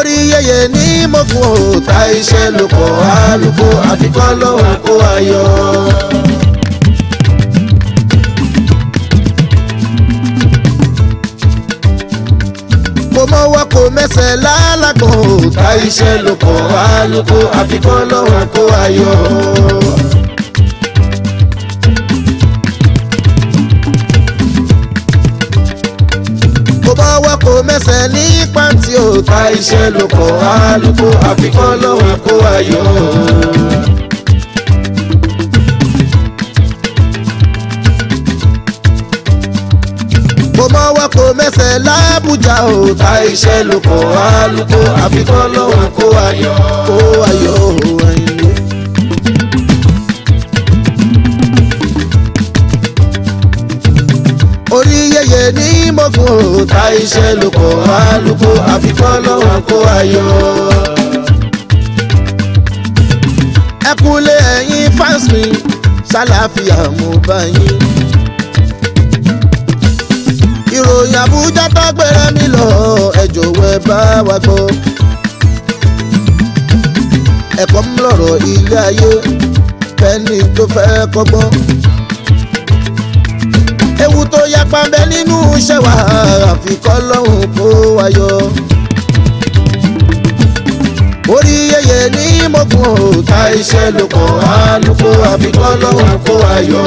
orí yẹyẹ ní mọ̀kún o ta iṣẹ́ ló kọ̀ àlùkò àfikọ́ lọ́wọ́ kó ayọ̀. mo mọ́wọ́ kò mẹ́sẹ̀ lálàgbọ̀n o ta iṣẹ́ ló kọ̀ àlùkò àfikọ́ lọ́wọ́ kó ayọ̀. ẹsẹ̀ ní pàǹtí ò ta iṣẹ́ ló kọ̀ alùpùpù àfikún lọ́wọ́ kó ayọ̀. kò mọ́wọ́ kò mẹ́sẹ̀ lábùjá ò ta iṣẹ́ ló kọ̀ alùpùpù àfikún lọ́wọ́ kó ayọ̀ kó ayọ̀. ṣe ní mọ̀fún o ta iṣẹ́ ló kọ̀ alùpùpù àfikọ́ lọ́wọ́ kó ayọ̀. ẹ kúlé ẹ̀yin fans mi ṣàlàáfíà ìròyìn àbújá tó gbéra mi lọ ẹ jọ̀wọ́ bá wa gbọ́. ẹ̀kọ́ ń lọ̀rọ̀ ilé ayé fẹ́ni tó fẹ́ kọ́gbọ́n kálukú tó yapa ń bẹ nínú iṣẹ́ wa àfikọ́ lọ́hùn kó wáyọ. orí yeye ní mọ̀gùn ò ta iṣẹ́ ló kàn á lóko àfikọ́ lọ́hùn kó wáyọ.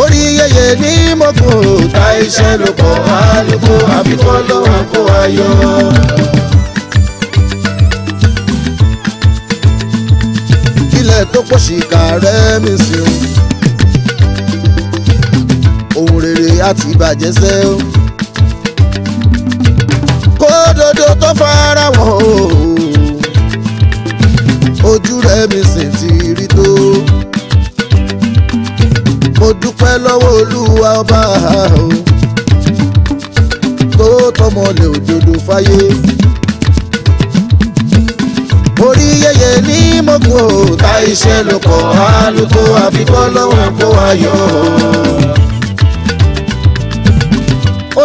orí yeye ní mọ̀gùn ta iṣẹ́ ló kàn á lóko àfikọ́ lọ́hùn kó wáyọ. tó pọ̀ sí kàrẹ́ sí o ohun rere àti ìbàjẹ́ sẹ́ o. kódodo tó fara wọ̀ o ojú rẹ̀ mi sì ti rí tó. mo dúpẹ́ lọ́wọ́ olúwa ọba o tó tọmọlẹ̀ òdodo fáyé orí yẹyẹ ní mọ́kò ta iṣẹ́ ló kọ̀ á ló kó àfikọ́ lọ́wọ́ kó ayọ̀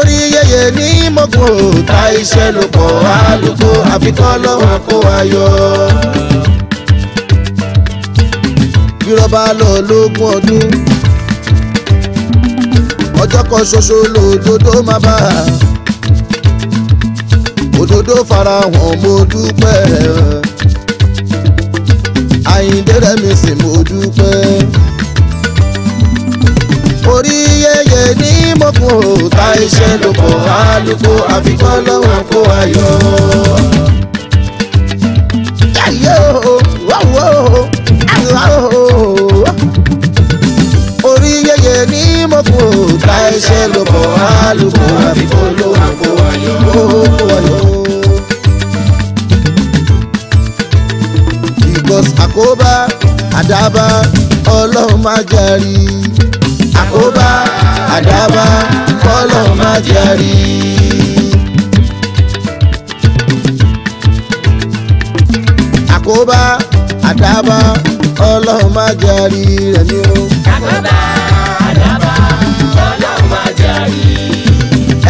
torí yẹyẹ ní mọ́gùn ò ta iṣẹ́ ló pọ̀ àlùkò àfikọ́ lọ́wọ́ kó wa yọ. bírọ́bà lọ lógún ọdún ọjọ́ kan ṣoṣo lòdodo máa bá a òdodo farahàn mo dúpẹ́ àyíǹde rẹ̀ mi sì mo dúpẹ́ orí yẹyẹ ní mọ́kùn iṣẹ́ ló kọ̀ àlùkò àfikọ́ lọ́wọ́ kó ayọ̀. orí yẹyẹ ní mọ̀kù ká iṣẹ́ ló kọ̀ àlùkò àfikọ́ lọ́wọ́ kó ayọ̀. àkóbá àdábá ọlọ́run má jàrí àkóbá àdábá kọ́lọ̀ má jẹ́rí. àkóbá àdábá ọlọ́run má jẹ́rí rẹ̀ ní o. àkóbá àdábá ọlọ́run má jẹ́rí.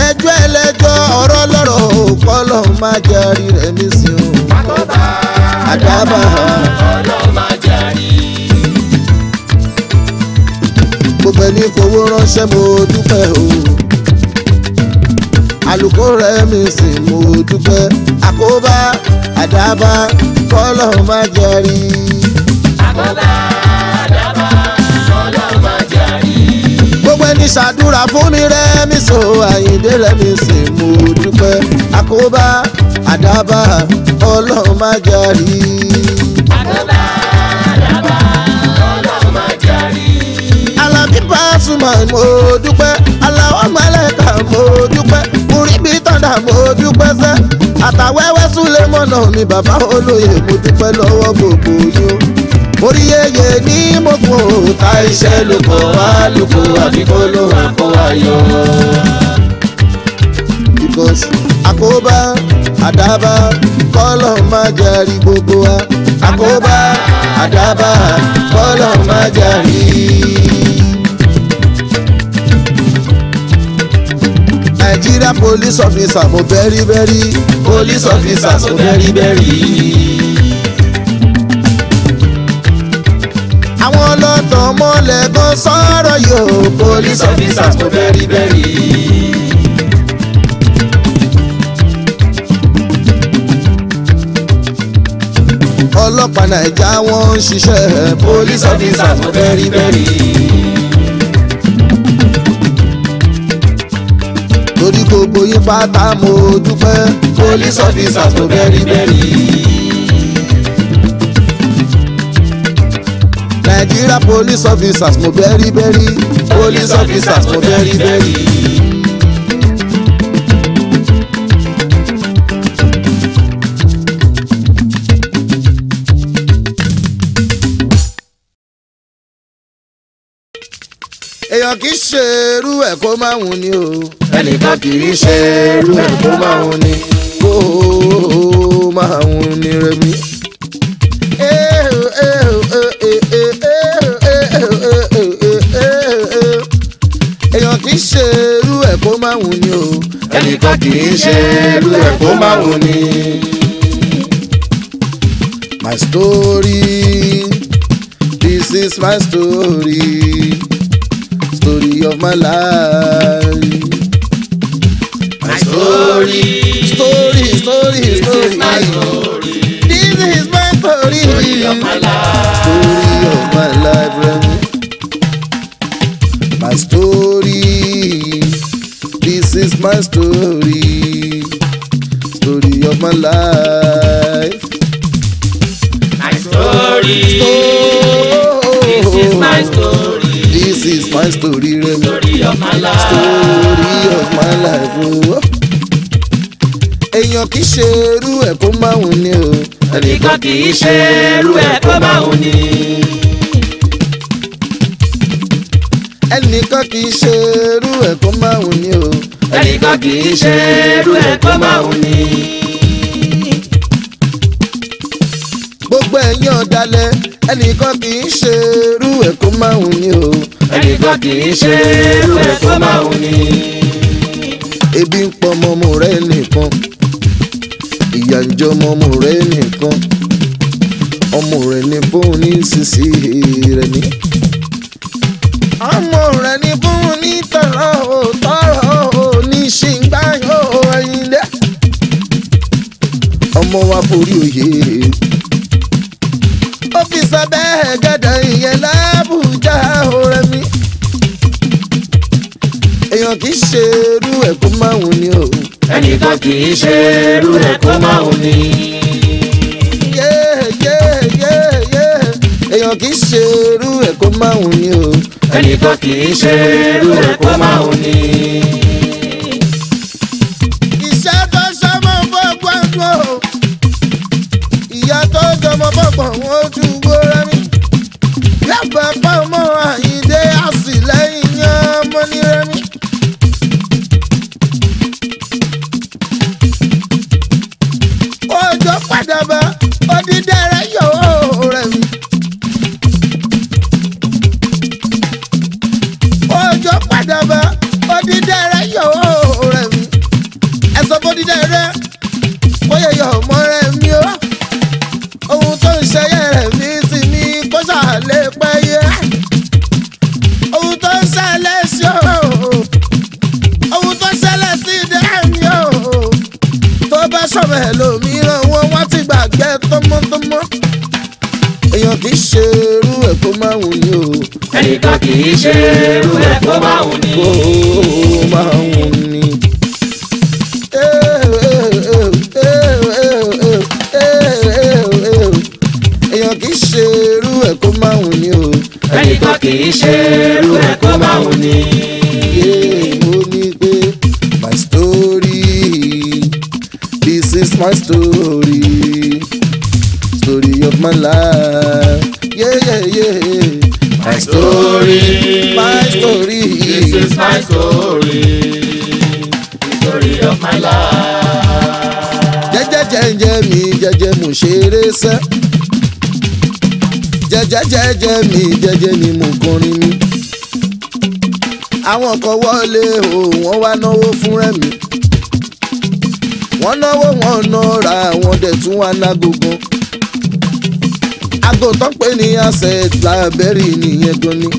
ẹjọ́ ẹlẹ́jọ́ ọ̀rọ̀ lọ́rọ̀ kọ́lọ̀ má jẹ́rí rẹ̀ ní sí o. àkóbá àdábá ọlọ́run má jẹ́rí. ọpẹ́ ní fowó ránṣẹ́ mo dúpẹ́ o àlùkò rẹ̀ mi sì mo dúpẹ́ àkóbá àdábá kọ́lọ̀ má jẹrí. àkóbá àdábá kọ́lọ̀ má jẹrí. gbogbo ẹni ṣàdúrà fún mi rẹ̀ mi sọ àyíndé rẹ̀ mi sì mo dúpẹ́ àkóbá àdábá kọ́lọ̀ má jẹrí. Pasuma mo dúpẹ́ aláwọ̀ mẹ́lẹ́ka mo dúpẹ́ múríbí tọ́dà mo dúpẹ́ sẹ́ àtàwẹ́wẹ́ súlẹ̀ mọ́nà mi bàbá olóyè mo dúpẹ́ lọ́wọ́ gbogbo yín o oríyeye ní mọ̀kò ta iṣẹ́ lóko alùpùpù àbíkó ló hàn kó ayọ̀. because àkóbá àdábá kọ́lọ̀ máa jẹ́rìí gbogbo wa àkóbá àdábá kọ́lọ̀ máa jẹ́rìí. Nigeria police officer mo bẹ́rí bẹ́rí. police officer mo bẹ́rí bẹ́rí. àwọn ọlọ́tàn mọ́lẹ̀ kan sọ̀rọ̀ yóò. police officer mo bẹ́rí bẹ́rí. ọlọ́pàá Naija wọ́n ń ṣiṣẹ́. police officer mo bẹ́rí bẹ́rí. gbogbo yín pátá mo dúpẹ́. police officers mo bẹ́rí bẹ́rí. Nigeria police officers mo bẹ́rí bẹ́rí. police officers mo bẹ́rí bẹ́rí. èèyàn kì í ṣe irú ẹ̀ kó máa hùn ni o. ẹnìkan kì í ṣe irú ẹ̀ kó máa hùn ni kó máa hùn ni rẹmi. èèyàn kì í ṣe irú ẹ̀ kó máa hùn ni o. ẹnìkan kì í ṣe irú ẹ̀ kó máa hùn ni. My story, this is my story story of my life. My story, story, story, this story. Is my story. This is my story. Story of my life. Story of my life, Remy. My story. This is my story. Story of my life. My story. story. This is my story this is my story rẹ story of my life story of my life o. Oh. èèyàn kì í ṣe irú ẹ̀ kó máa wù ní o. ẹnìkan kì í ṣe irú ẹ̀ kó máa wù ní. ẹnìkan kì í ṣe irú ẹ̀ kó máa wù ní o. ẹnìkan kì í ṣe irú ẹ̀ kó máa wù ní. gbogbo ẹ̀yin ọ̀dàlẹ̀ ẹnìkan kì í ṣe irú ẹ̀ kó máa wọn kì í ṣe irú ẹ̀ tó máa wù ní. ebi ń pọ ọmọọmọ rẹ nìkan ìyà ń jẹ ọmọọmọ rẹ nìkan ọmọ rẹ ní fóun ní sísí rẹ ní. ọmọ rẹ ní fóun ní tọrọ ò tọrọ ò ní ṣì ń gbá yóò ẹyin dẹ. ọmọ wa forí òye ó fi sọ bẹ́ẹ̀ gẹ́dọ̀ ìyẹn lábùjá ọ̀rẹ́ mi èèyàn kì í ṣe irú ẹ̀ kó máa wù ni o. ẹnìkan kì í ṣe irú ẹ̀ kó máa wù ni. èèyàn kì í ṣe irú ẹ̀ kó máa wù ni o. ẹnìkan kì í ṣe irú ẹ̀ kó máa wù ni. ìṣẹ́ tó ṣọmọ bọ́ gbọ́ngbọ́n o ìyá tó jọmọ bọ́ gbọ̀n wọ́n tún gbóra ní. yàgbà pamọ́ àyíndé àsìlẹ́yìn yan mọ́nirẹ́mí. lọ́wọ́ ẹ̀ lómìíràn wọn wá ti gbàgbé tọmọtọmọ èèyàn kì í ṣe irú ẹ̀ kó máa wù ní o. ẹnìkan kì í ṣe irú ẹ̀ kó máa wù ní. kó máa wù ní. èèyàn kì í ṣe irú ẹ̀ kó máa wù ní o. ẹnìkan kì í ṣe irú ẹ̀ kó máa wù ní. my story, story of my life. Yeah, yeah, yeah. My story, my story. This is my story, story of my life. Jẹ́jẹ́ jẹ́jẹ́ mi jẹ́jẹ́ mo ṣeré sẹ́. Jẹ́jẹ́ jẹ́jẹ́ mi jẹ́jẹ́ ni mo kọrin mi. Àwọn kan wọlé o, wọ́n wá náwó fún rẹ̀ mi wọ́n náwó wọn nọra àwọn dẹ̀ tún wá lágógún. aago tó ń pè ní asset blackberry nìyẹn gan ni.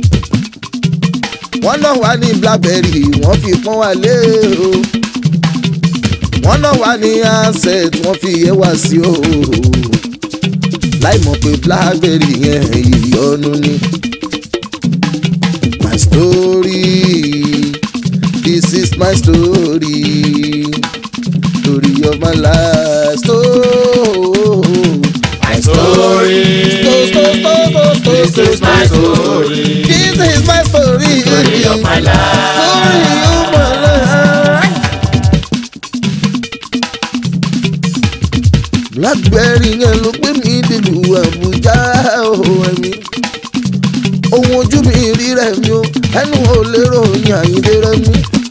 wọ́n náà wà ní blackberry wọ́n fi pọ́n wá lé o. wọ́n náà wà ní asset wọ́n fi yẹ wá sí o. láì mọ̀ pé blackberry yẹn ìyọnu ni. my story this is my story story of my life. Story. Oh, my story. Story, story, story, story. This is my story. This is my story. Story of my life. Story of my life. Blackberry yẹn ló pè mí dèlù Àbújá òun mi. Ohun ojú mi rí rẹ̀ mi o, ẹnu ò lérò yàn ìdérẹ́ mi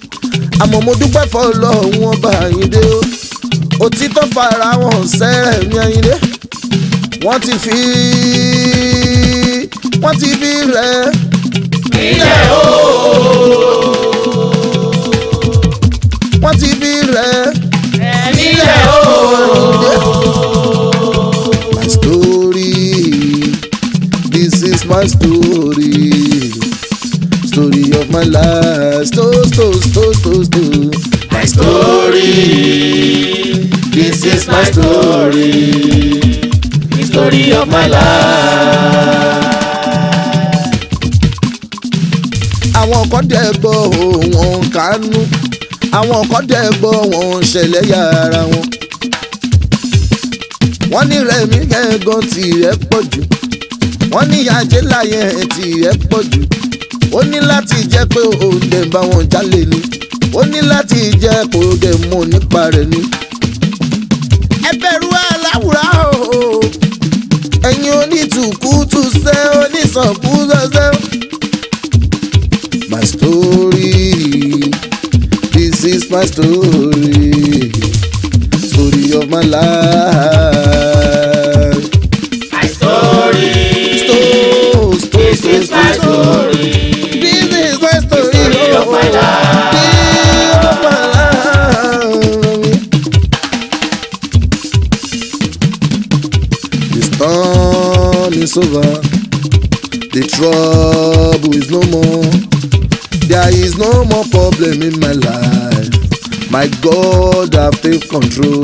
àmọ́ mo dúpẹ́ fọlọ́run ọba Àyìndé o òtítọ́ fara wọn sẹ́rẹ̀ mi Àyìndé wọ́n ti fi wọ́n ti fi rẹ̀ nílẹ̀ o. wọ́n ti fi rẹ̀ nílẹ̀ o. My story, this is my story my last, Toast, toast, toast, toast, toast. My story. This is my story. The story of my life. àwọn kan dẹ̀ gbọ́ òun kánú àwọn kan dẹ̀ gbọ́ òun ṣẹlẹ̀ yàrá wọn. wọ́n ní rẹ̀mí gẹ̀ẹ́gàn tìrẹ pọ̀ jù wọ́n ní ajé láyé tìrẹ pọ̀ jù ó ní láti jẹ́ pé òde bá wọn jálè ni ó ní láti jẹ́ kó òde mú nípa rẹ̀ ni. ẹ aláwùrá o ẹ̀yin onítùkútù ṣe onísànkúzọ ṣe. my story this is my story story of my life. My God, I've taken control.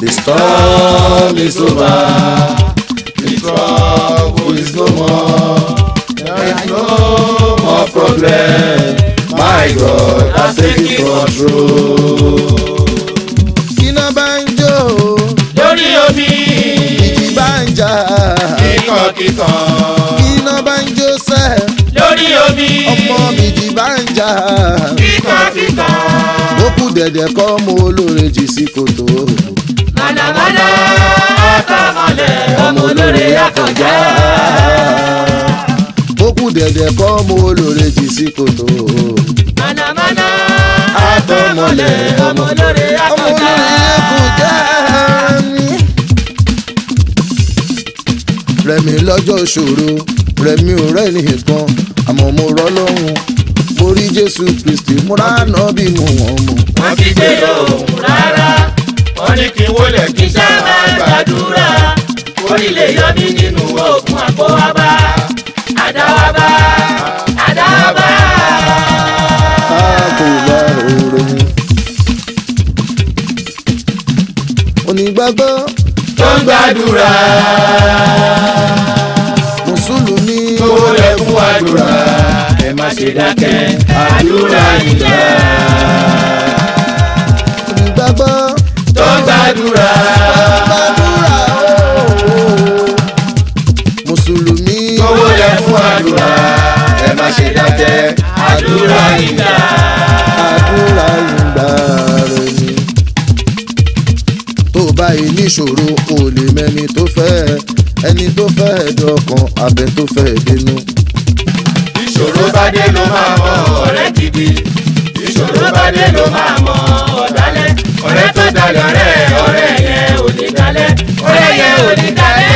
The storm is over. ọ̀gẹ̀dẹ̀ kọ́ mú olóore jì sí kòtò. mọ̀nàmọ́ná àtàmọ̀lẹ̀ ọmọ olóore àkànjá. ó kù dẹ̀dẹ̀ kọ́ mú olóore jì sí kòtò. mọ̀nàmọ́ná àtàmọ̀lẹ̀ ọmọ olóore àkànjá. rẹ̀mí lọ́jọ́ ìṣòro rẹ̀mí ò rẹ́ nìkan àmọ́ mo rọ́ lọ́rùn mo rí jésù kristi mo rà náà bí mo wọ̀n mọ̀. wọ́n ti gbé yòówù rárá wọ́n ní kí n wọlé kí n sábà gbàdúrà orí yọ mí nínú oògùn àpòwábá àdáwábá àdáwábá. onígbàgbọ́ tó ń gbàdúrà mùsùlùmí tó wọlé fún àdúrà ẹ má ṣe dákẹ́ àdúrà ìgbà. olùgbàgbọ́ tó gbàdúrà. gbàdúrà ooo. mùsùlùmí. owó lẹ fún àdúrà ẹ má ṣe dákẹ́ àdúrà ìgbà. àdúrà ìgbà rẹ ni. tó báyìí níṣòro kò lè mẹ́ni tó fẹ́ ẹni tó fẹ́ dọkàn abẹ tó fẹ́ dénú bá dé ló máa mọ ọ̀rẹ́ gidi ìṣòro bá dé ló máa mọ ọ̀dálẹ̀ ọ̀rẹ́ tó dalẹ̀ ọ̀rẹ́ ọ̀rẹ́ yẹn ò ní dalẹ̀ ọ̀rẹ́ yẹn ò ní dalẹ̀.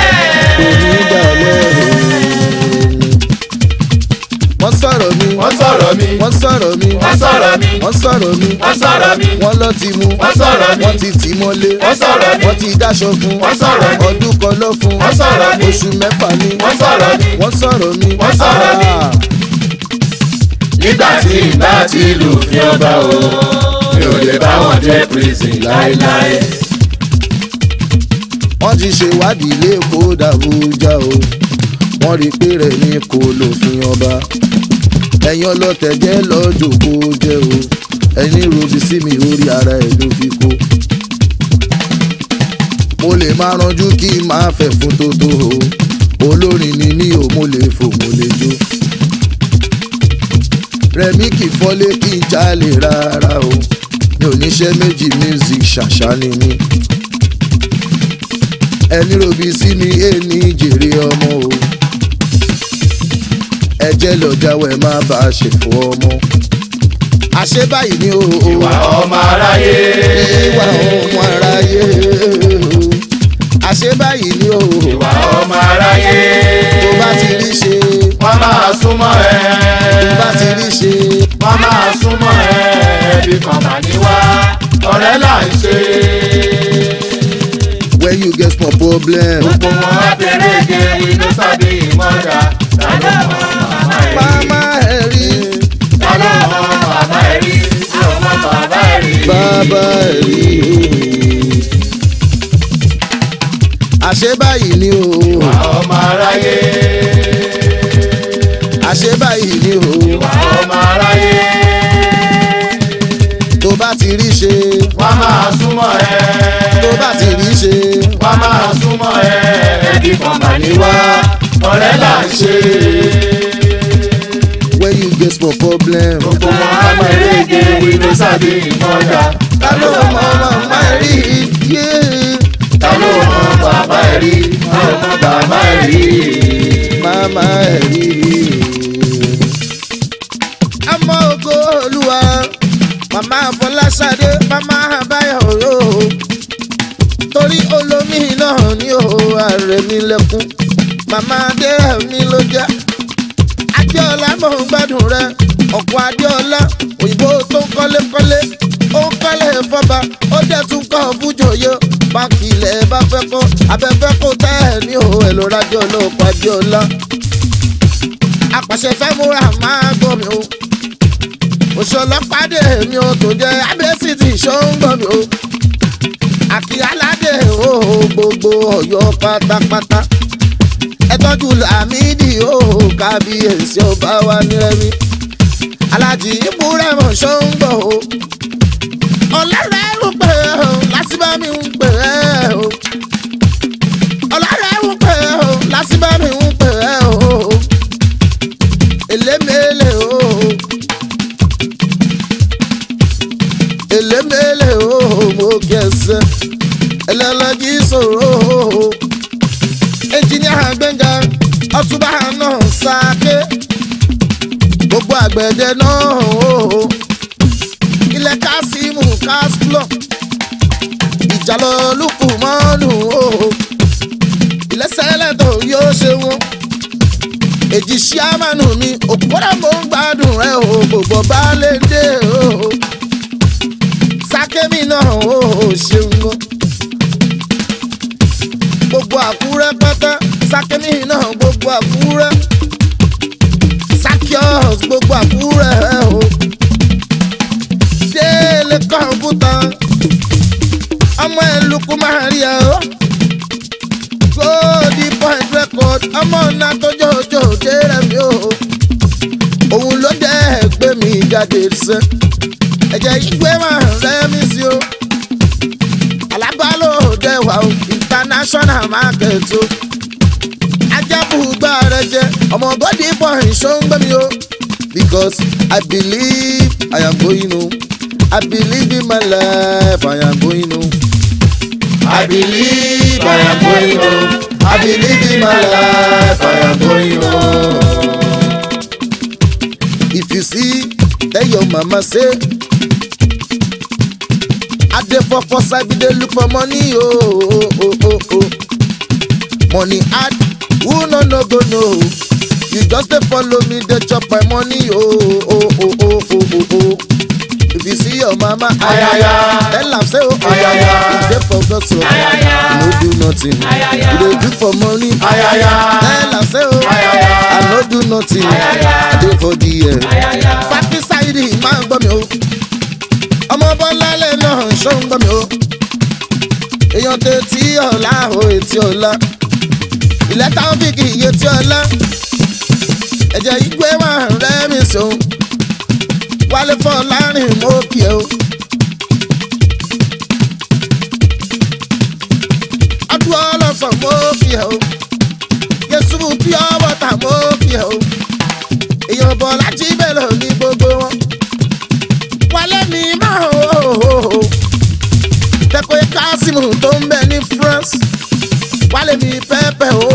wọ́n sọ̀rọ̀ mi wọ́n sọ̀rọ̀ mi wọ́n sọ̀rọ̀ mi wọ́n sọ̀rọ̀ mi wọ́n sọ̀rọ̀ mi wọ́n sọ̀rọ̀ mi wọ́n lọ ti mu wọ́n sọ̀rọ̀ mi wọ́n ti tì mọ́lé wọ́n sọ̀rọ̀ mi wọ́n ti dáṣọ fún wọ́n sọ̀rọ̀ mi ọdún kan ló fún wọ́n sọ̀rọ̀ mi oṣù mẹ́fà ni wọ́n sọ̀rọ̀ mi wọ́n sọ̀rọ̀ mi wọ́n sọ̀rọ̀ mi nígbà tí ìgbà tí lòfin ọba o mi ò lè bá wọn dé prison láéláé. wọ́n ti ṣèwádìí lẹ́kọ̀ọ́ dàbújá o wọ́n rí pé rẹ̀ ni kò lòfin ọba ẹ̀yin ọlọ́tẹ̀ jẹ́ lọ́jọ́ kó jẹ́ o ẹni robi sí mi orí ara ẹ̀ ló fi kó. mo lè máa ranjú kí n máa fẹ̀ fún tótó o olórin ni mí o mo lè fò mo lè jó rẹmi kì fọ́lé kí n jalè rárá o mi ò níṣẹ́ méjì music ṣàṣà ni mi. ẹni robi sí mi èmi jèrè ọmọ o ẹjẹ́ lọ jáwọ́ ẹ má bá a ṣèfò ọmọ. àṣé báyìí ni o. ìwà ọmọ aráyé. ìwà ọmọ aráyé. àṣé báyìí ni o. ìwà ọmọ aráyé. tó bá ti rí ṣe wọ́n máa súnmọ́ ẹ. bá ti rí ṣe. wọ́n máa súnmọ́ ẹ bí màmá ní wá ọ̀rẹ́ là ń ṣe. when you get small problem. gbogbo wọn á bẹ̀rẹ̀ gẹ̀ we no sabi ìmọ̀ra ta ló mọ màmá ẹ̀ rí. ta ló mọ màmá ẹ̀ rí. àwọn bàbá ẹ̀ rí. bàbá ẹ̀ rí o àṣẹ báyìí ni o. ìwà ọmọ aráyé àṣé báyìí ni o. ìwà ọmọ aráyé. tó bá ti rí ṣe. wá máa súnmọ́ ẹ. tó bá ti rí ṣe. wá máa súnmọ́ ẹ. ẹbí kan mà ní wá ọ̀rẹ́ là ń ṣe. when you get for problem. gbogbo wọn á máa rege we no sabi ìmọ̀ọ́dà. ta ló mọ màmá ẹ rí yé. ta ló mọ bàbá ẹ rí. ta ló mọ bàbá ẹ rí. màmá ẹ rí. Mama Fọláṣadé mama àbáyọ òró torí olómi náà ní òhò ààrẹ mi lẹkùn màmá adéhà mi ló jẹ Adéọlá mò ń gbádùn rẹ ọkọ Adéọlá òyìnbó tó ń kọ́lékọ́lé ó ń kọ́lé fọba ó dẹ̀ tún kọ́ fújòyè páàkì ilẹ̀ bá fẹ́ kọ́ abẹ́fẹ́ kò tẹ́ ẹ̀ ní òhò ẹ̀ ló rájọ́ Adéọlá àpàṣẹ fẹ́ múra máa gbọ́ mi o òṣòlọ́pàdé mi ò tó jẹ́ abẹ́sì ti ṣóńgbọ̀n mi o àkì aládé òhò gbogbo ọ̀yọ́ pátápátá ẹ tọ́jú làmídì òhò kábíyèsí ọba wa nírẹ́mí alájì ìbúrẹ́mọ̀ ṣóńgbọ̀n o ọlọ́rẹ́ ń pè é o lásìbámi ń pè é o ọlọ́rẹ́ ń pè é lásìbámi ń pè é o èlémè. òkè ẹsẹ̀ ẹlẹ́lẹ́jì sòrò ẹnjìníà Gbẹ́ngà ọtúbà náà sáké gbogbo àgbẹ̀dẹ náà ilẹ̀ kásímù kásílọ̀ ìjàlọ̀ lùkù mọ́nù ìlẹ́sẹ̀lẹ̀ tó yóò ṣe wọn èjì ṣíàmánu mi òpópónà mò ń gbádùn rẹ o gbogbo bá lè dé o kẹ́mi náà ó ṣeun gan. gbogbo àkúrẹ́ pátá sákẹ́mi náà gbogbo àkúrẹ́ sákíọ́s gbogbo àkúrẹ́ o. délé kọ̀ǹpútà ọmọ ẹlùkù máa rí ẹ o. gold point record ọmọ ọ̀nà tó jòjò jẹ́rẹ̀ mi o. òun ló dẹ́ gbé mi jáde sẹ́ ẹ̀jẹ̀ ìgbé máa rẹ̀. kọmíṣánná mákẹ́tì o ajábùgbà rẹ jẹ ọmọ bọ́dì bọ́ọ̀rì ṣó ń gbẹ́mi o because i believe i am going home i believe in my life i am going home. I believe I am going home. I believe in my life I am going home. If you see, tell your mama say I dey for for side, we dey look for money, oh, oh, oh, oh, oh. Money hard, who no no go know. You just dey follow me, dey chop my money, oh, oh, oh, oh, oh, oh, oh. If you see your mama, ayaya, tell am say, oh, ayaya. You dey for God, oh. so ayaya, you no do nothing. Ayaya, you dey do for money, ayaya, tell am say, oh, ayaya, I no do nothing. Ayaya, I dey for the end. Ayaya, party side, man, gbọ́ mi o. Oh ọba ńlá lẹ́nu ọ̀hún ṣó ń gbọ́ mi o èèyàn tó ti ọ̀la o ètí ọ̀la ilẹ̀ táwọn fi kì í yé tí ọ̀la ẹ̀jẹ̀ ìgbé wọn rẹ́ mi sòun wálé fọ́ láàrin mọ́kì o. adúlọ́ ọlọ́sàn mọ́kì o yẹsù pure water mọ́kì o èèyàn bọ̀ lájí bẹ́ẹ̀ ní gbogbo wọn wálé mi máa kásìmù tó ń bẹ ní France wálé mi pẹ́pẹ́ o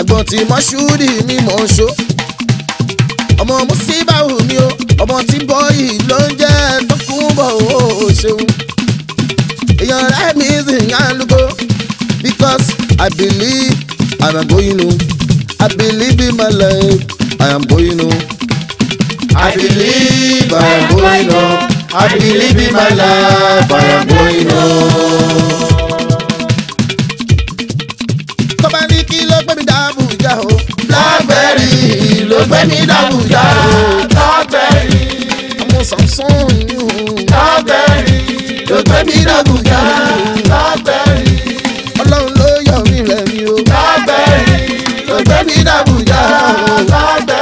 ẹ̀gbọ́n tí mọ́ṣúrì mi mọ̀ ń ṣó ọmọ musíbáwù mi o ọmọ tí bọ́ọ̀yì ló ń jẹ́ tó kún bọ̀ o ṣeun èèyàn rẹ̀ mi sì ń yá because I believe I am going o I believe in my life I am going o I believe I am going o. I believe in my life, I am going on. Come bá ní kí ló gbé mi dáàbò ìjà o. Blackberry ló gbé mi dáàbò ìjà Blackberry. Ọmọ on ni o. Blackberry ló gbé mi dáàbò Blackberry. Ọlọ́run ló yọ mí rẹ̀ mi o. Blackberry ló gbé mi dáàbò ìjà Blackberry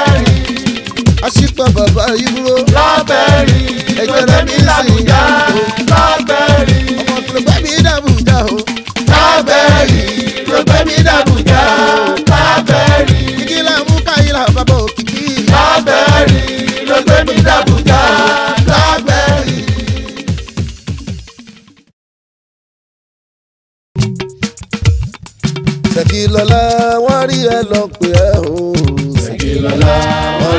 àṣìpà bàbá ìbúrò. lábẹ́rì ẹgbẹ́rẹ́ mi làbújá lábẹ́rì. ọmọ pẹ̀lú mi dàbújá o. lábẹ́rì pẹ̀lú mi dàbújá lábẹ́rì. kìkì là ń mú káyìlá bàbá òkìkì. lábẹ́rì pẹ̀lú mi dàbújá lábẹ́rì. Ṣèkìlọ́lá wọ́n rí ẹ lọ pé ẹ o. Ṣèkìlọ́lá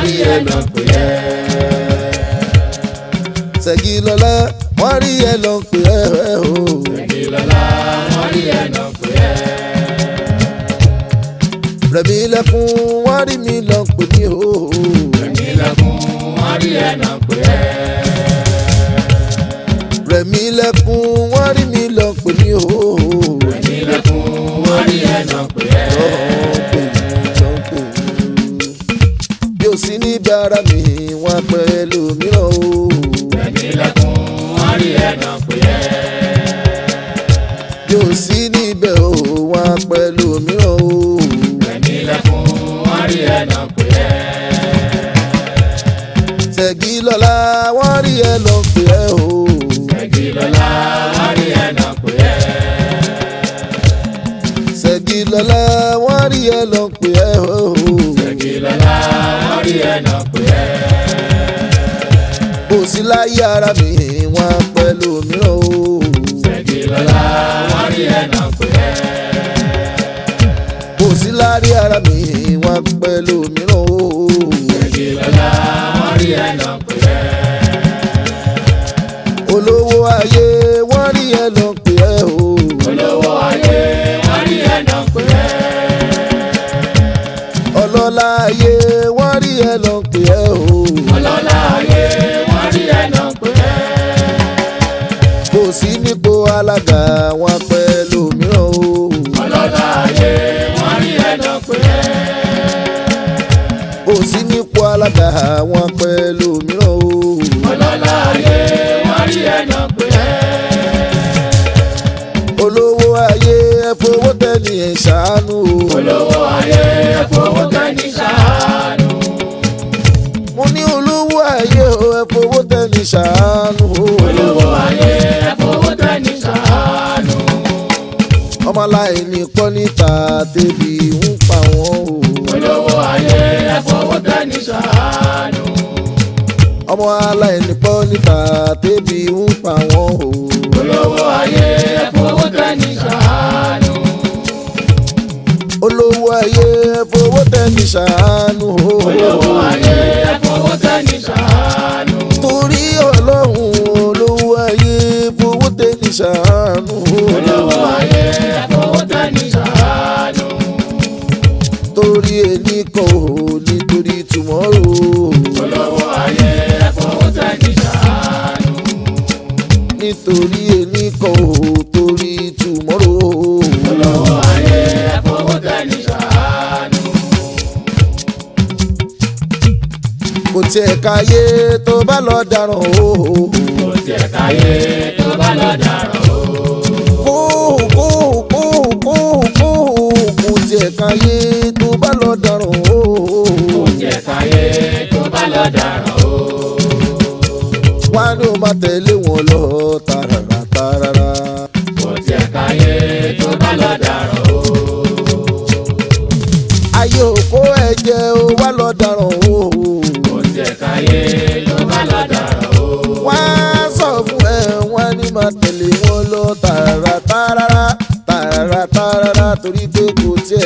wọ́n rí ẹ lọ pè ẹ́. Ṣẹ̀gilọ́lá wọ́n rí ẹ lọ pè ẹ́ o. Ṣẹ̀gilọ́lá wọ́n rí ẹ lọ pè ẹ́. Rẹ̀mílẹ̀kùn wọ́n rí mi lọ pè mí o. Rẹ̀mílẹ̀kùn wọ́n rí ẹ lọ láyé ara mi. alága wọn pẹ̀lú mìíràn o. ọlọ́lá ayé wọ́n rí ẹ̀dọ̀ pé. òsì nípò alága wọn pẹ̀lú mìíràn o. ọlọ́lá ayé wọ́n rí ẹ̀dọ̀ pé. olówó ayé ẹ fowó tẹ́ ní ẹ̀ o. olówó ayé ẹ fowó tẹ́ ní ṣàánú. mo ní olówó ayé ẹ fowó tẹ́ ní ṣàánú. aláìní pọ́ níta tẹ́bi ń pa wọ́n o. olówó ayé ẹ̀fọ́wọ́tẹ́ ní sàánú. ọmọ aláìní pọ́ níta tẹ́bi ń pa wọ́n o. olówó ayé ẹ̀fọ́wọ́tẹ́ ní sàánú. olówó ayé ẹ̀fọ́wọ́tẹ́ ní sàánú. olówó ayé ẹ̀fọ́wọ́tẹ́ ní sàánú. torí ọlọ́run olówó ayé ẹ̀fọ́wọ́tẹ́ ní sàánú. olówó kò tiẹ̀ káyé tó bá lọ dáràn o. kò tiẹ̀ káyé tó bá lọ dáràn o. kóhùn kóhùn kóhùn kóhùn kóhùn kò tiẹ̀ káyé tó bá lọ dáràn o. kò tiẹ̀ káyé tó bá lọ dáràn o. wá ní o máa tẹ̀lé wọn lọ tààrà.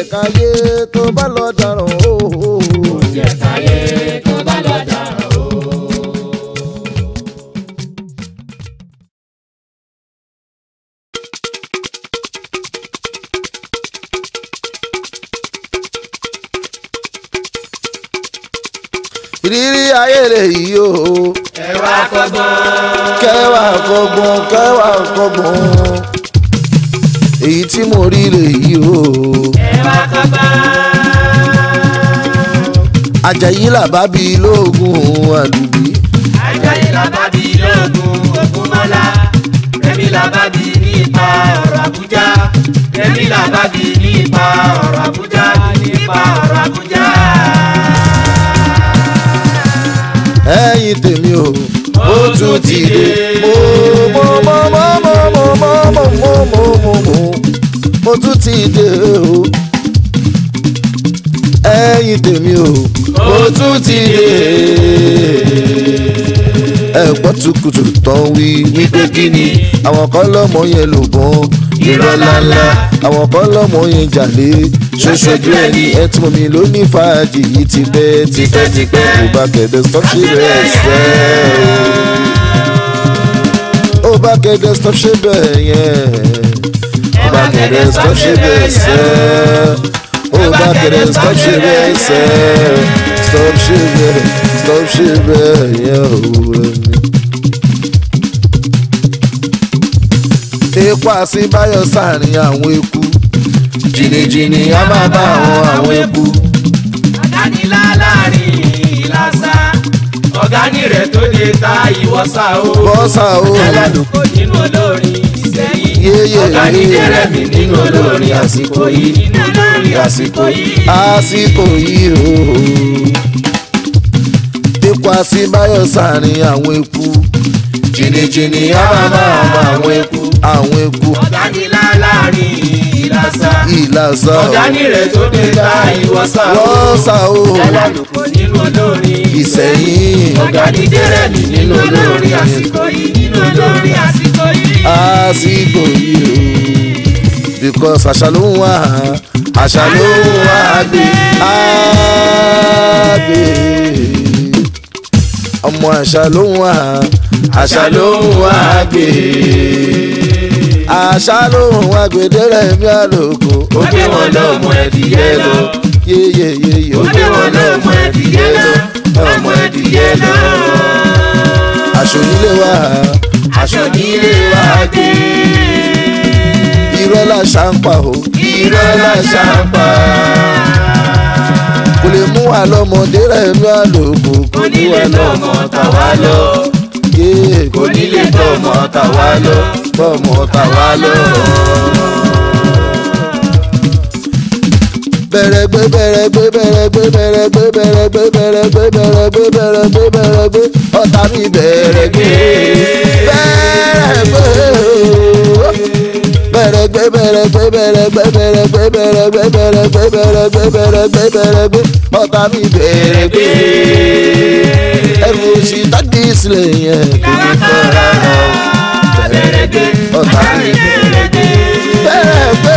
ẹ̀ka yé tó bá lọ dàrún. Àjàyí làbábí lóògùn àdùbí. Àjàyí làbábí lóògùn ògúnmọ́lá Rẹ̀mí làbábí nípa ọ̀rọ̀ Àbújá Rẹ̀mí làbábí nípa ọ̀rọ̀ Àbújá nípa ọ̀rọ̀ Àbújá. ẹ̀yin tèmi o ó tún ti dé mo mo o mo mo mo mo mo mo mo mo tún ti dé o lẹ́yìn tèmi o ó tún ti dé ẹ̀gbọ́ tukutu tán wí wípé kí ni àwọn kan lọ́mọ yẹn lò bọ́n irọ́ lálá àwọn kan lọ́mọ yẹn jàlé ṣoṣojú ẹni ẹtùmọ̀ mi ló ní fàájì yìí ti bẹ́ẹ̀ tipẹ́tipẹ́ kò bá kẹ̀dẹ̀ stop ṣe bẹ́ẹ̀ ṣẹ́ẹ́ bá gẹ́gẹ́ stop ṣe bẹ́ẹ̀ yẹn. ó bá gẹ́gẹ́ stop ṣe bẹ́ẹ̀ sẹ́ẹ̀. Obakere stop shiver say Stop shiver, stop shiver Yahweh Epo Àsínbáyọ̀ sáàrin àwọn eku Jìnnìjìnnì á máa bá àwọn àwọn eku. Àdánilá láàrin ìlàsà ọ̀gá ní rẹ̀ tó lè ta ìwọ́sà o. Bọ́sà o. Alálùkò nínú olórin yéyé. ọ̀gánídé mi nínú olórin àsìkò yìí nínú olórin àsìkò yìí. àsìkò yìí ooo. dípò àsìbáyọ̀ sàárín àwọn eku. jìnnìjìnnì á máa bá àwọn eku. àwọn eku. ọ̀gánílá láàrin ìlàsà. ìlàsà o. ọ̀gánílẹ̀ tó dé ta ìwọ́sà o. wọ́sà o. nínú olórin yìí sẹ́yìn. ọ̀gá dídé rẹ̀ nínú olórin àsìkò yìí nínú olórin àsìkò yìí. àsìkò yìí o because àṣà ló ń wá àṣà ló ń wá gbé àgbè ọmọ àṣà ń wá àṣà ń wá gbé àṣà ń wá gbé mi àlòkù. ó gbé wọn lọ́mọ ẹ̀dìyẹ lọ yeyeyeye. ó gbé wọn lọ́mọ ẹ̀dìyẹ lọ ọmọ ẹdìyẹ lọ. aṣònílé wa aṣònílé wa dé. irọ́ la ṣàǹpà o. irọ́ la ṣàǹpà. kò lè mú wa lọ́mọdé rẹ̀ ní àlòkù. kò ní lè tọmọ tàwa lọ. kò ní lè tọmọ tàwa lọ. tọmọ tàwa lọ. bẹ̀rẹ̀gbé bẹ̀rẹ̀gbé bẹ̀rẹ̀gbé bẹ̀rẹ̀gbé bẹ̀rẹ̀gbé bẹ̀rẹ̀gbé bẹ̀rẹ̀gbé bẹ̀rẹ̀gbé bẹ̀rẹ̀gbé ọ̀tá mi bẹ̀rẹ̀gbé bẹ̀rẹ̀gbé bẹ̀rẹ̀gbé bẹ̀rẹ̀gbé bẹ̀rẹ̀gbé bẹ̀rẹ̀gbé bẹ̀rẹ̀gbé bẹ̀rẹ̀gbé bẹ̀rẹ̀gbé bẹ̀rẹ̀gbé ọ̀tá mi bẹ̀rẹ̀gbé ẹ̀rù òsì tàbí ìsìlẹ̀ yẹn kò ní kọ́ rárá bẹ̀rẹ̀gbé ọ̀tá mi bẹ̀rẹ̀gbé bẹ̀rẹ̀gbé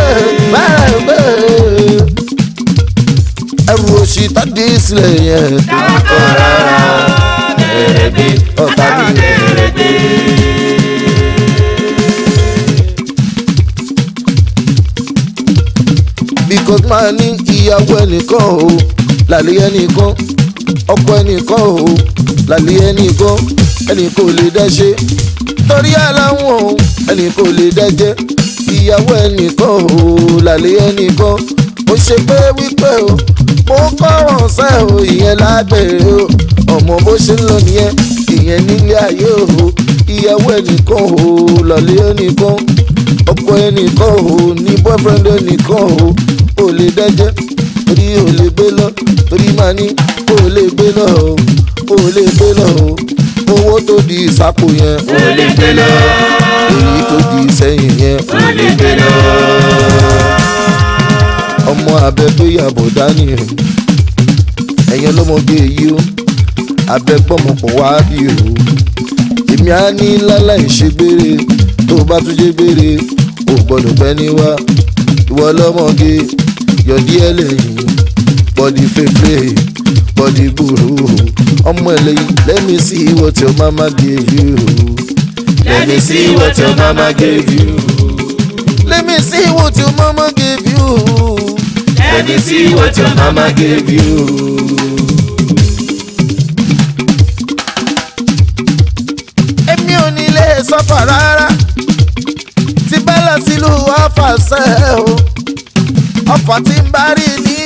bẹ̀rẹ̀gbé ẹrù òṣì tàdí sílẹ̀ yẹn. dákọ̀ rárá ọ̀tá mi dèrèdè. because máa ní ìyàwó ẹnìkan o làlẹ́ ẹnìkan ọkọ ẹnìkan o làlẹ́ ẹnìkan ẹnìkan ò lè dá ṣe torí aláwọ̀ o ẹnìkan ò lè dá jẹ́ ìyàwó ẹnìkan o làlẹ́ ẹnìkan ó ṣe pé wípé o mo kọ́ràn sẹ́ o ìyẹn lágbèrè o ọmọ bó ṣe ń lò nìyẹn ìyẹn nílé ayé o ìyàwó ẹnìkan o lọ́lé ẹnìkan ọkọ ẹnìkan o ní boyfriend ẹnìkan o ò lè dẹ́jẹ́ torí ò lè gbé lọ torí màá ní ò lè gbé lọ o ò lè gbé lọ o owó tó di ìsápò yẹn ò lè gbé lọ èyí tó di ìsẹ́yìn yẹn ò lè gbé lọ ọmọ abẹ́bí àbòdá ni ẹ̀yin ọlọ́mọdé yìí ó abẹ́gbọ́mọpọ̀ wá bí o èmi á ní láláì ṣe gbére tó bá tún jẹ́ gbére ò gbọ́dọ̀ pẹ́ ní wá ìwọ ọlọ́mọge yọ̀dí ẹlẹ́yìn bọ́dí fèfèé bọ́dí gbòòrò ọmọ ẹlẹ́yìn let me see what your mama gave you let me see what your mama gave you let me see what your mama gave you. Daddy, see what your mama gave you. Èmi ò ní lè sọ́fà rárá, ti bá lọ sílùú ọ̀fà o, ọ̀fà tí ń bá rí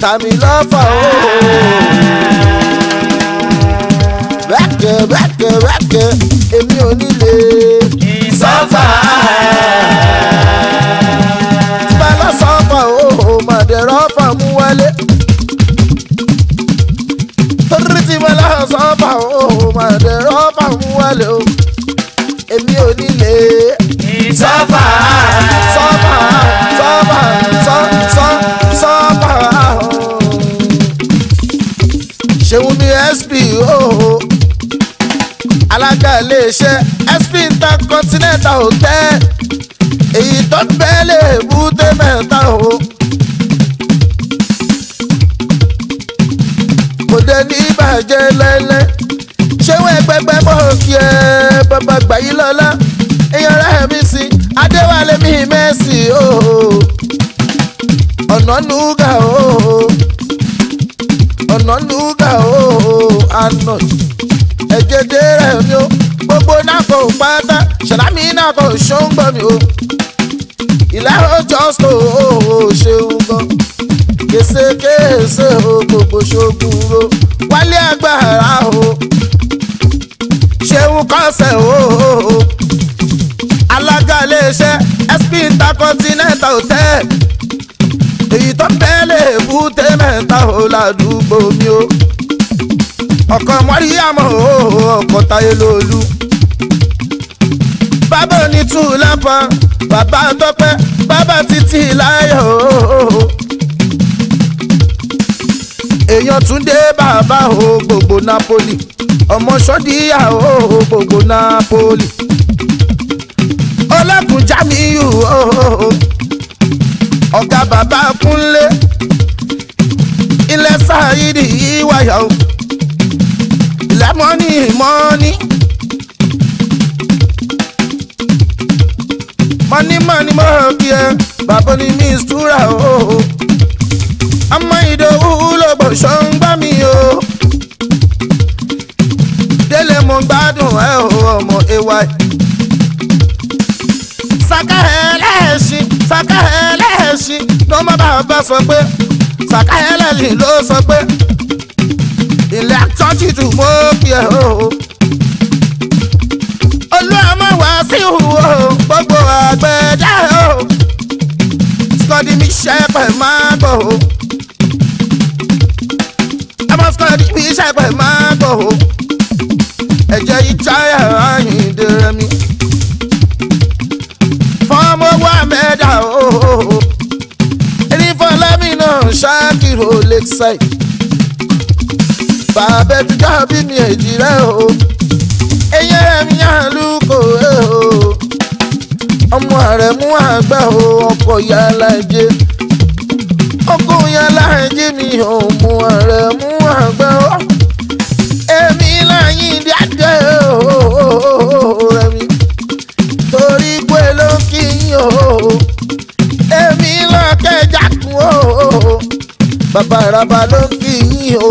tàmí lọ́fà o. bẹ́ẹ̀kẹ́ bẹ́ẹ̀kẹ́ bẹ́ẹ̀kẹ́. ṣe SP Intercontinental Hotel èyí tó ń bẹ́ẹ̀ lè búté mẹ́ta o. kò dé ní ìbàjẹ́ lẹ́lẹ́ ṣé wọ́n ẹgbẹ́gbẹ́ mọ́ kí ẹ bàbá gbàyí lọ́lá èèyàn rẹ̀ mí sí Adéwálé mi mẹ́sì o ọ̀nà nùgà o ọ̀nà nùgà o àná ẹ̀jẹ̀ dé rẹ̀ mi o gbogbo náà kò pátá ṣàlámì náà kò ṣóńgbọ̀n mi o ìlàrọ̀ jọ́sọ̀ ó ṣeun gan késekése o gbogbo ṣogun ro wálé agbára o ṣeun kọ́sẹ̀ o alága iléeṣẹ́ sp intercontinental hotel èyí tó ń bẹ́ẹ̀ lè bú tẹ́mẹ̀ta o ládùúgbò mi o ọkọ mọ́ríyàmọ́ ọkọ táyé lólu. bàbá onítù lápọn bàbá tọpẹ́ bàbá títí láyọ̀ èèyàn túndé bàbá o gbogbo Napoli ọmọ sọdíyà o gbogbo Napoli ọlọ́kùn jamiu o ọ̀gá bàbá kúnlé ilẹ̀ sáà yìí wáyà o lẹ́mọ́nì mọ́nì. mọ́nì mọ́nì mọ́ bí ẹ bàbá ni oh. mi ìṣúra o. Oh. ọmọ ìdòwú lọ́gbọ̀ ṣọ́ngbà mi o. délé mo gbádùn ẹ eh, o oh, ọmọ ay. saka ẹ lẹ́ẹ̀ṣin saka ẹ lẹ́ẹ̀ṣin ló má bàa sọ pé saka ẹ ló sọ pé ilẹ̀ àtọ́jìtù mo kí ẹ o. olúwa máa wá sí ìhù o gbogbo àgbẹ̀dá o. sọ́ọ́dì mi ṣe pẹ̀ máa bọ̀ o. ẹ máa sọ́ọ́dì mi ṣe pẹ̀ máa bọ̀ o. ẹ̀jẹ̀ ìtayà Àyìndé Rẹ̀mí. fọ́ọ̀mù owó àmẹ́dà o. eré fọlẹ́mì náà ṣáàkì ro lakeside bàbá ti já bí mi èjì rẹ o eyín rẹ mi yàn lùkọ ẹ o ọmọ rẹ mú àgbà o ọkọ ìyá alájẹ ọkọ ìyá alájẹ mi ọmọ rẹ mú àgbà o èmi láyìn díadé o rẹ mi torí pé ló ń kí yín o èmi lọ kẹjà o bàbá ìràbà ló kí yín o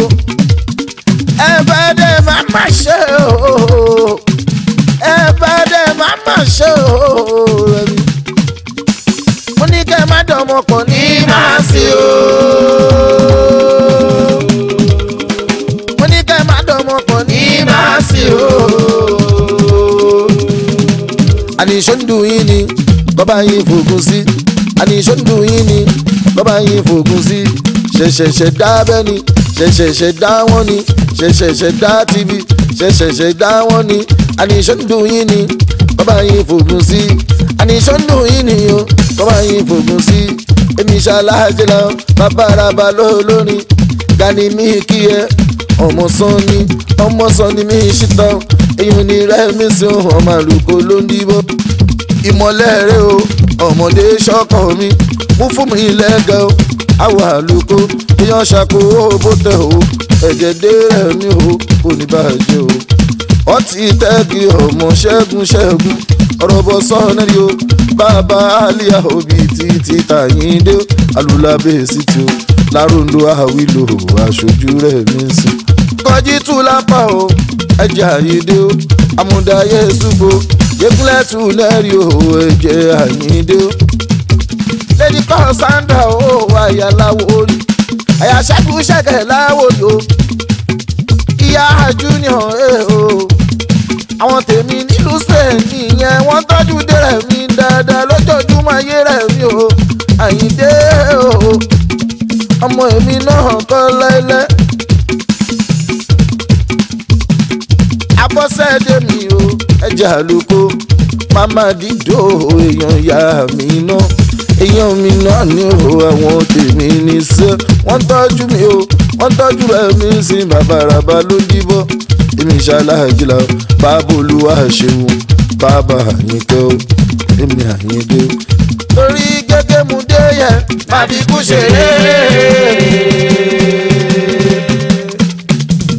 ẹ bá dẹ̀ má má ṣe o ẹ bá dẹ̀ má má ṣe o rẹ̀mí. mo ní kẹ́ má dọ̀mọ̀ kàn ní máa sí o. mo ní kẹ́ má dọ̀mọ̀ kàn ní máa sí o. àníṣó ń ni bàbá yín fògùn sí àníṣó ń ni bàbá yín fògùn sí ṣẹ̀ṣẹ̀ṣẹ̀ dá ni ṣẹ̀ṣẹ̀ṣẹ̀ dá ni ṣẹ̀ṣẹ̀ṣẹ̀ dá tv ṣẹ̀ṣẹ̀ṣẹ̀ dá wọ́n ni àníṣọ́ ń dùn yín ni bàbá yín fògùn sí àníṣọ́ ń dùn yín ni o bàbá yín fògùn sí èmi ṣàlàyé lọ bàbá araba lólórin gani mi kí ẹ ọmọ sàn ni ọmọ sàn ni mi ṣìtàn èyí ni rẹ́mi sí ohun ọmọ àlùkò ló ń dìbò ìmọ̀lẹ́ rẹ o ọmọdé ṣọkàn mi mú fún mi lẹ́gẹ̀ẹ́ o àwọn àlùkò èèyàn ṣàkóso bó tẹ̀ o ẹ̀jẹ̀dé rẹ̀ ní o kò ní bàjẹ́ o. wọ́n ti tẹ́gì ọmọ ṣẹ́gun ṣẹ́gun ọ̀rọ̀ bọ̀ sọ́ọ́nà rí o bàbá àlíyá òbí títí tàyíndé alùlábẹ́ sí ti o láròndó àwílò aṣojú rẹ̀ mí sí. kọjí tú lápá o ẹ̀jẹ̀ àyíndé o àmúdá yẹ́sùgbò yẹ́kúnlẹ̀ tù lẹ́rìí o ẹ̀jẹ̀ àyíndé o. lady kọ́ sandra o àyàláwo rí àyà ṣẹ́kù ṣẹ̀kẹ̀ láwòyò ìyá junior ẹ̀ o àwọn tèmi nílùú spain nìyẹn wọ́n tọ́jú dé rẹ̀ mi dáadáa lójoojúmọ́ ayé rẹ̀ mi o àyíndé o ọmọ èmi náà kọ́ lẹ́lẹ́. abọ́sẹ̀dé mi o ẹ̀jẹ̀ àlùkò màmá dídò èèyàn ìyá mi náà èèyàn mi náà ní o àwọn tèmi ní sẹ́ wọ́n tọ́jú mi o wọ́n tọ́jú ẹ̀mí sí bàbàràbà ló yíbọ́ èmi ṣaláàjìlá bàbá olúwa ṣeun bàbá àyìnkẹ́ o èmi àyìnkẹ́ o. torí gẹ́gẹ́ mu dé yẹn má fi kú ṣeré.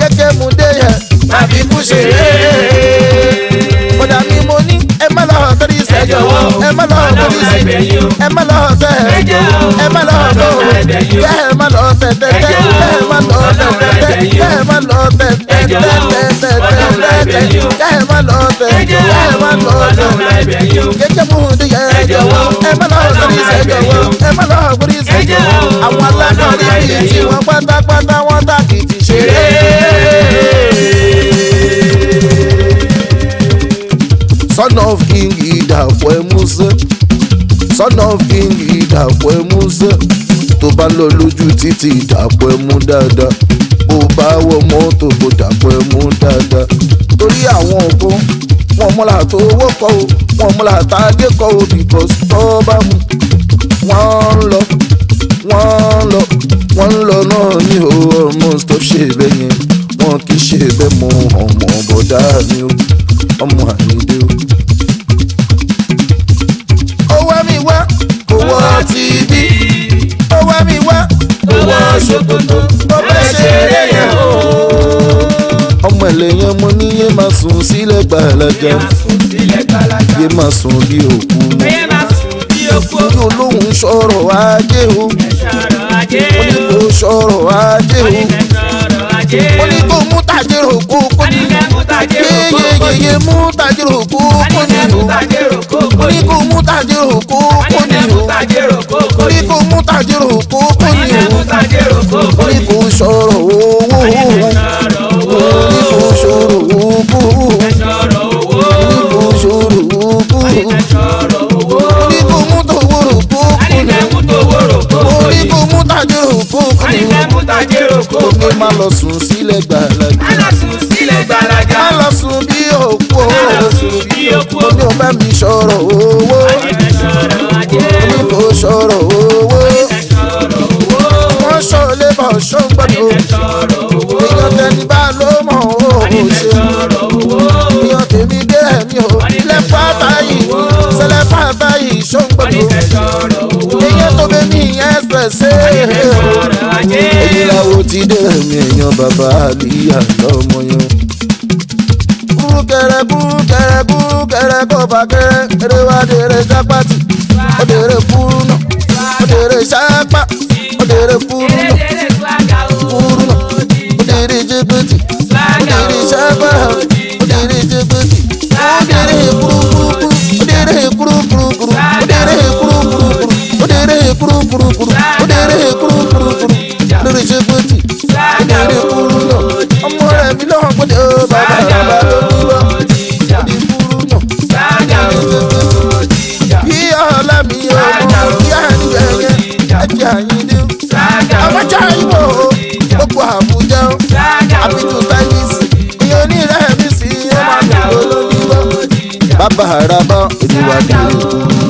gẹ́gẹ́ mu dé yẹn má ṣeré. ọ̀dà mi mo ní ẹ má láwọn kárí ẹ jọ̀wọ́ ẹ má lọ polisi ẹ má lọ sẹ ẹ má lọ bò kẹ ẹ má lọ sẹ tẹtẹ kẹ ẹ má lọ sẹ tẹtẹ kẹ ẹ má lọ sẹ tẹtẹ tẹtẹ kẹ ẹ má lọ sẹ kẹ ẹ má lọ sẹ jẹjẹ mú di ẹ jọ̀wọ́ ẹ má lọ polisi ẹ jọ̀wọ́ ẹ má lọ polisi ẹ jọ̀wọ́ àwọn alágbọ̀n ní ti wọn pátápátá wọn tàkìtì ṣeré. Son of King Dàpọ̀ Ẹmúsẹ́ sọ́nà kíngì Dàpọ̀ Ẹmúsẹ́ tó bá lọ lójú títì Dàpọ̀ Ẹmú dáadáa bó bá wọ mọ́tò bó Dàpọ̀ Ẹmú dáadáa torí àwọn kan wọn mọ́lá tó wọ́kọ̀ o wọn mọ́lá tá a gé kọ́ o because tó bá mu wọ́n ń lọ wọ́n ń lọ wọ́n ń lọ náà ní o almost tó ṣe bẹ́ẹ̀ yẹn wọn kì í ṣe bẹ́ẹ̀ mọ ọmọ bọ̀dá mi o ọmọ àníde o. láti bí. ó wá mi wá owó ṣòkòtò ó fẹ́ ṣeré yẹn o. ọmọ ẹlẹ́yìn mo ní yé máa sùn sílẹ̀ gbàlájà yé máa sùn bí òkú mo ní olóhùn sọ̀rọ̀ ajé o mo ní kò sọ̀rọ̀ ajé o tàjẹ́ o. ó ní kó mú tàjẹ́ rò kó kó ní. àníkẹ́ mú tàjẹ́ rò kó kó ní. mú tàjẹ́ rò kó kó mú tàjẹ́ rò kó kó ní. owó. tajérò kókó. má lọ sùn sílẹ̀ gbàlàjà. má lọ sùn sílẹ̀ gbàlàjà. má lọ sùn bí òkú. má lọ sùn bí òkú. omi ò bá mi sọ̀rọ̀ owó. omi kò sọ̀rọ̀ owó. wọ́n sọ lé bọ̀ ṣó ń gbọ́dọ̀. èèyàn tẹni bá ló mọ̀ ó ṣe. èèyàn tèmi dé ẹ̀mí ò. lẹ́fà báyìí sẹlẹ́fà báyìí ní express èyí làwọn ti dé ẹ̀mí èèyàn bàbá àlìyá lọ́mọ yẹn. kúrúkẹrẹ kúrúkẹrẹ kúrúkẹrẹ kọba kẹrẹ kẹrẹ wá dèrè sápàtì ó dèrè kúrú ó dèrè sápà. lórí ṣe bójì onírè kúrú náà ọmọ rẹ̀ mi lọ́wọ́ pé ó bàbá bàbá ló ní bọ́ òdì kúrú náà onírè kúrú bí ọ̀la mi ọmọ bí àyẹ̀yẹ ẹ̀jẹ̀ àyíndé ọmọ jẹ́ ìwọ gbogbo àbújá àbíjú táyìsì ìyẹn onírẹ̀ mi sí ọmọ àgbègbè ló ní bọ́ bàbá àràbọ̀ ìdíwájú.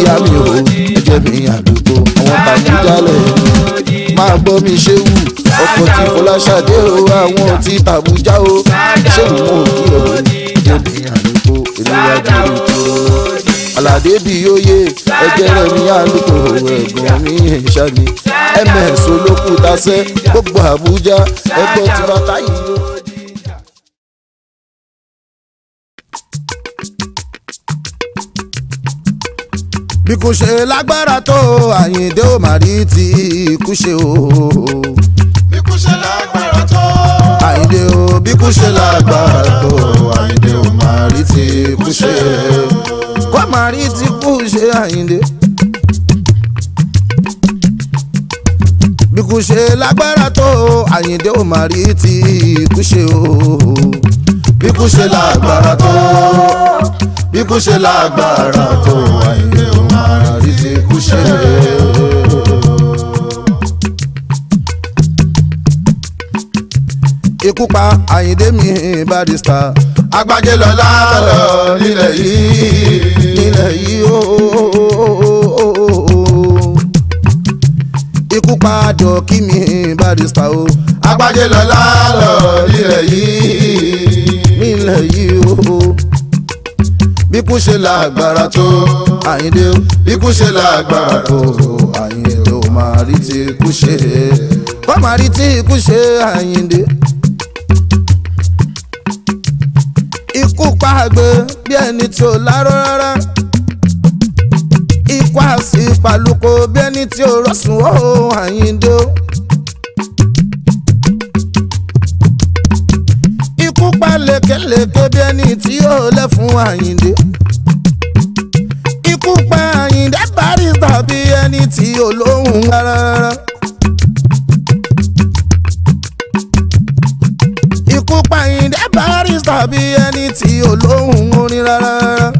ìyá mi o ẹ̀jẹ̀ mi àdúgbò àwọn bàmújálẹ̀ máa gbọ́ mi ṣé wù ọkọ̀ tí Fọláṣadé o àwọn ti bàmújá o ṣé mi ò kí o ẹ̀jẹ̀ mi àdúgbò ènìyàn jẹ́ ìjọ aládé bí yóyè ẹ̀jẹ̀ rẹ̀ mi àlùkò ẹ̀gbọ́n mi ìṣá ni ms olókùtà sẹ́ gbogbo Àbújá ẹgbọ́n tí bàtà yìí. bí kò ṣe lágbára tó àyìndé ò má rí ti ikú ṣe o. bí kò ṣe lágbára tó. àyìndé o bí kò ṣe lágbára tó àyìndé ò má rí ti ikú ṣe. kó má rí ti kú ṣe àyìndé. bí kò ṣe lágbára tó àyìndé ò má rí ti ikú ṣe o. bí kò ṣe lágbára tó bí kò ṣe lágbára tó àyìndé ò máa rí ti ikú pa àyíndé mi barista agbájé lọ́lá lọ nílẹ̀ yìí nílẹ̀ yìí ooo ikú pa dọ̀kí mi barista o agbájé lọ́lá lọ nílẹ̀ yìí nílẹ̀ yìí ooo bíkún ṣe lágbára tó àyíndé o bíkún ṣe lágbára tó àyíndé o máa rí tí ikú ṣe wọ́n máa rí tí ikú ṣe àyíndé. ikú pa bí ẹni tí ò láró rárá ikú àsìpàlùkò bí ẹni tí ò rọ̀sùn ó àyíndé Akele tó dé ní tí ó lẹ̀ fún Àyìndé. Ikú pa Àyìndé Barrister bí ẹni tí olóhùn rárá. Ikú pa Àyìndé Barrister bí ẹni tí olóhùn orin rárá.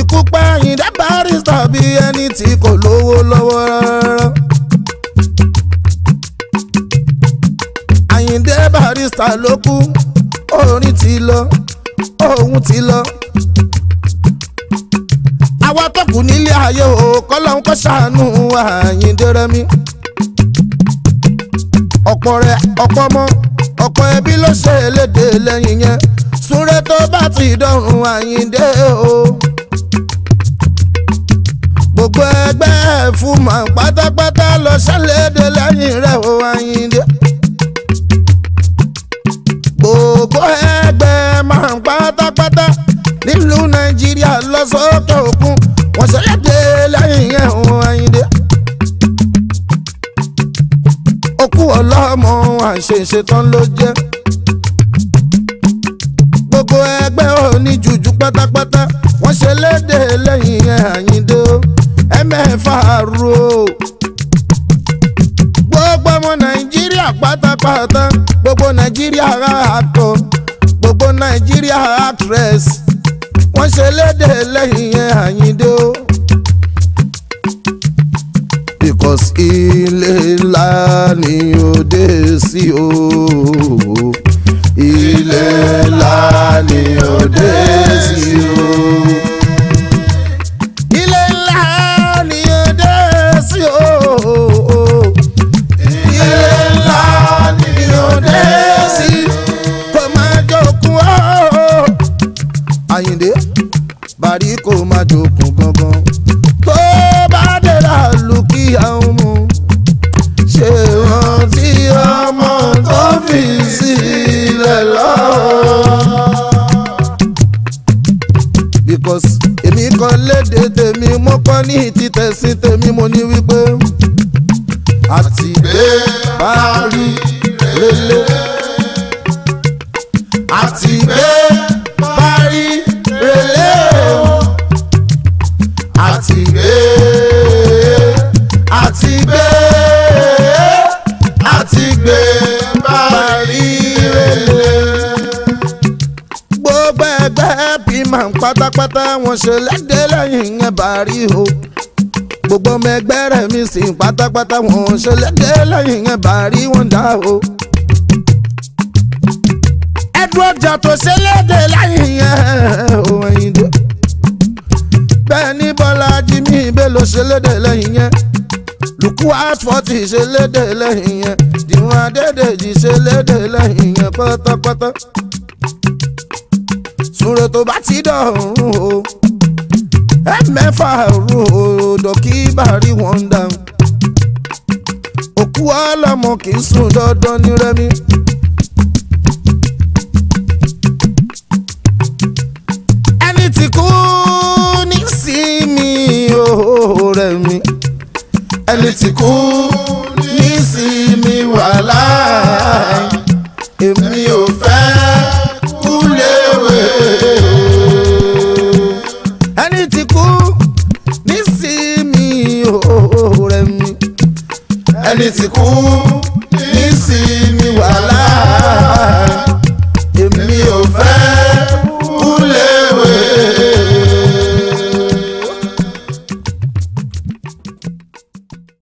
Ikú pa Àyìndé Barrister bí ẹni tí kò lówó lọ́wọ́ rárá. Àyìndé Barrister ló kú orin ti lọ òun ti lọ. àwa tó kù nílé ayé o kọ́lọ́hún kó ṣàánú Àyìndé Rẹ̀mí. ọ̀pọ̀ rẹ̀ ọ̀pọ̀ mọ́ ọ̀pọ̀ ẹbí ló ṣe léde lẹ́yìn yẹn súnrẹ́ tó bá ti dọ̀rùn Àyìndé o. gbogbo ẹgbẹ́ fún màá pátápátá lọ ṣàlédè lẹ́yìn rẹ̀ o Àyìndé. ògo ẹgbẹ́ máa ń pátápátá nílùú nàìjíríà lọ sókè òkun wọ́n ṣẹlẹ̀dẹ̀ lẹ́yìn ẹ̀hún Àyìndé. òkú ọlọ́mọ àṣeṣe tán ló jẹ gbogbo ẹgbẹ́ oníjùjú pátápátá wọ́n ṣẹlẹ̀dẹ̀ lẹ́yìn Àyìndé ẹ̀mẹ́fà rú o. nàìjíríà pátápátá gbogbo nàìjíríà actor gbogbo nàìjíríà actress wọ́n ṣe léde lẹ́yìn yẹn àyíndé o. because ilé ńlá ni òde sí o. ilé ńlá ni òde sí o. bàrí kò má jòkun gangan tó bá dẹ̀ra lù kí àwọn mu ṣe rántí ọmọ tó fi sílẹ̀ lọ́wọ́ because èmi kọ léde tèmi mo kọ ní títẹ̀sí tèmi mo ní wípé àti gbé parí lélẹ̀ àti gbé. gbé bá rí rèlè. gbogbo ẹgbẹ́ pimam pátápátá wọn ṣe lẹ́dẹ̀ lẹ́yìn yẹn bá rí o gbogbo ọmọ ẹgbẹ́ rẹ̀ mi sì pátápátá wọn ṣe lẹ́dẹ̀ lẹ́yìn yẹn bá rí wọn dá o. ẹ̀dùn ọjà tó ṣe lẹ́dẹ̀ lẹ́yìn yẹn o ẹ̀yìn dé bẹ́ẹ̀ ni Bọ́lájí mi ìbélò ṣe lẹ́dẹ̀ lẹ́yìn yẹn lukú àfọ̀tì ṣẹlẹ́dẹ̀ lẹ́yìn yẹn dìwọ̀n adẹ́dẹ̀jì ṣẹlẹ́dẹ̀ lẹ́yìn yẹn pátápátá. sùnrè tó bá ti dọ̀rùn o ẹ rún o dọ̀kí bàrí wọ́n ń dáhùn. òkú ọlọ́mọ kì í sùn dandan ní rẹ́mi. ẹni tí kú ní sí mi rẹ̀ mi ẹni tí kú nísìmí wàhálà èmi ò fẹ́ kú léwe. ẹni tí kú nísìmí òòrè mi ẹni tí kú nísìmí wàhálà èmi ò fẹ́.